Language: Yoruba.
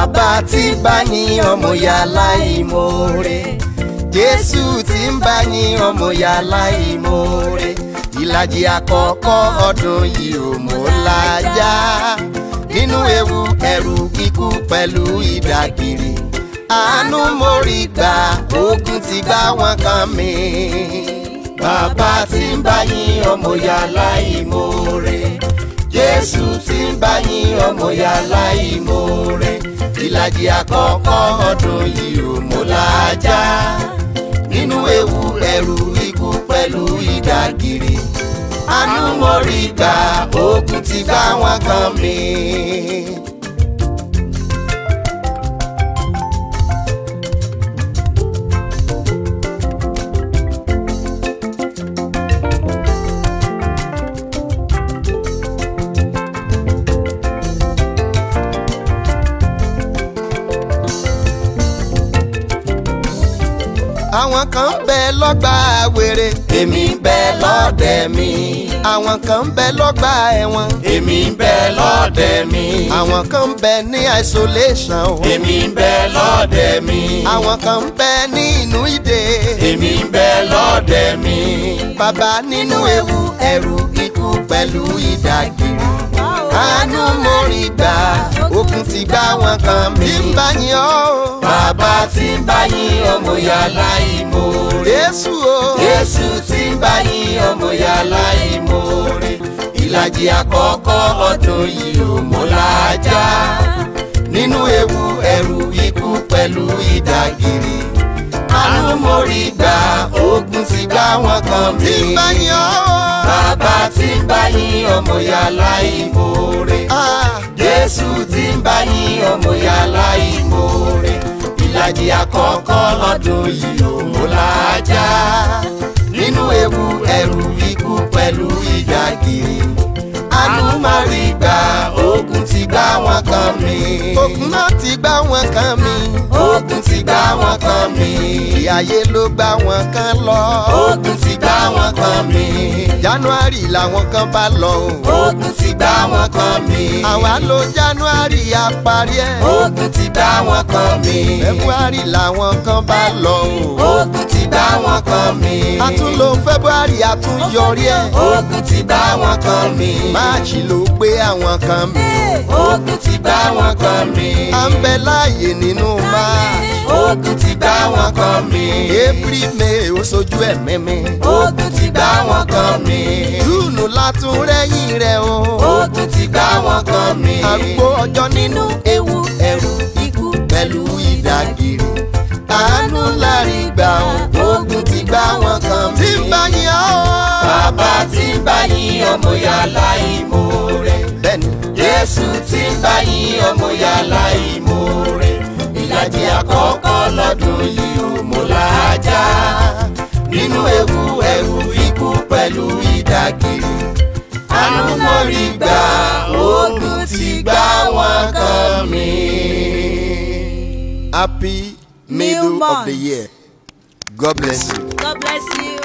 bàbá tí bá ní ọmọ ìyá láìmoore jésù tí ń bá ní ọmọ ìyá láìmoore ìlàjì àkọ́kọ́ ọdún yìí ò mọ̀ lájà nínú ewu ẹ̀rù kíkú pẹ̀lú ìdàgìrì àánú mórí gbà ogun ti gbá wọn kan mi. bàbá tí ń bá yín ọmọ ìyá láìmoore jésù tí ń bá yín ọmọ ìyá láìmoore ìlàjì àkọ́kọ́ ọdún yìí ò mú làájá nínú ewu ẹ̀rù ikú pẹ̀lú ìdágìrì àánú mo ogun ti bá wọn kàn mí. àwọn kan ń bẹ lọ́gbà wèrè. èmi ń bẹ lọ́dẹ mi. àwọn kan ń bẹ lọ́gbà ẹ̀wọ̀n. èmi ń bẹ lọ́dẹ mi. àwọn kan ń bẹ ní isolation o. èmi ń bẹ lọ́dẹ mi. àwọn kan ń bẹ ní inú ìdè. èmi ń bẹ lọ́dẹ mi. bàbá nínú ewu ẹrù ikú pẹ̀lú ìdágìrì. àánú mo rí gbà okùn ti gbá wọn kan mi. tí ń bá yín ọ́. bàbá tí ń bá yín ọmọ ìyá láìmoore. Jésù o. Jésù tí ń bá yín ọmọ ìyá láìmoore. ìlàjì àkọ́kọ́ ọdún yìí ò mọ́ lájà. nínú ewu ẹ̀rù ikú pẹ̀lú ìdágìrì. àánú mo rí ogun ti gbá wọn kan mi. tí ń bá yín ọ́. bàbá tí ń bá yín ọmọ ìyá láìmoore. Ah jésù ti ń bá yín ọmọ ìyá aláìmoore ìlàjì àkọ́kọ́ lọ́dún yìí ò mú lájà nínú ewu ẹrù ikú pẹ̀lú ìdágìrì àánú máa rí gbà ogun ti gbá wọn kan mi. ogun náà ti gbá wọn kan mi. ogun ti gbá wọn kan mi mi. ìyáyé ló gbá wọn kan lọ. ogun ti gbá wọn kan mi. january làwọn kan bá lọ o. ogun ti gbá wọn kan mi. àwa ló january àparí ẹ. ogun ti gbá wọn kan mi. february làwọn kan bá lọ o. ogun ti gbá wọn kan mi. a tún lo february a tún yọrí ẹ. ogun ti gbá wọn kan mi. máàcì ló gbé àwọn kan mi. ogun ti gbá wọn kan mi. à ń bẹ láàyè nínú máàcì. ogun ti April May ó sojú ẹ̀mí mi. Ogun ti gbá wọn kan mi. Júùnù látún rẹ́yìn rẹ̀ o. Ogun ti gbá wọn kan mi. Àgbo ọjọ́ nínú ewu ẹ̀rù ikú pẹ̀lú ìdágìrì. Àánú lárí gbà O Ogun ti gbá wọn kan mi. Tí ń bá yín ọ́. Bàbá tí ń bá yín ọmọ yàrá ìmọ̀ rẹ̀. Bẹ́ẹ̀ni. Jésù tí bá yín ọmọ yàrá ìmọ̀ rẹ̀. pẹ̀lú ìdákìrì àlùmọ́rí gbà ogun ti gbà wọ́n kàn mí. Happy middle of the year. God bless you. God bless you.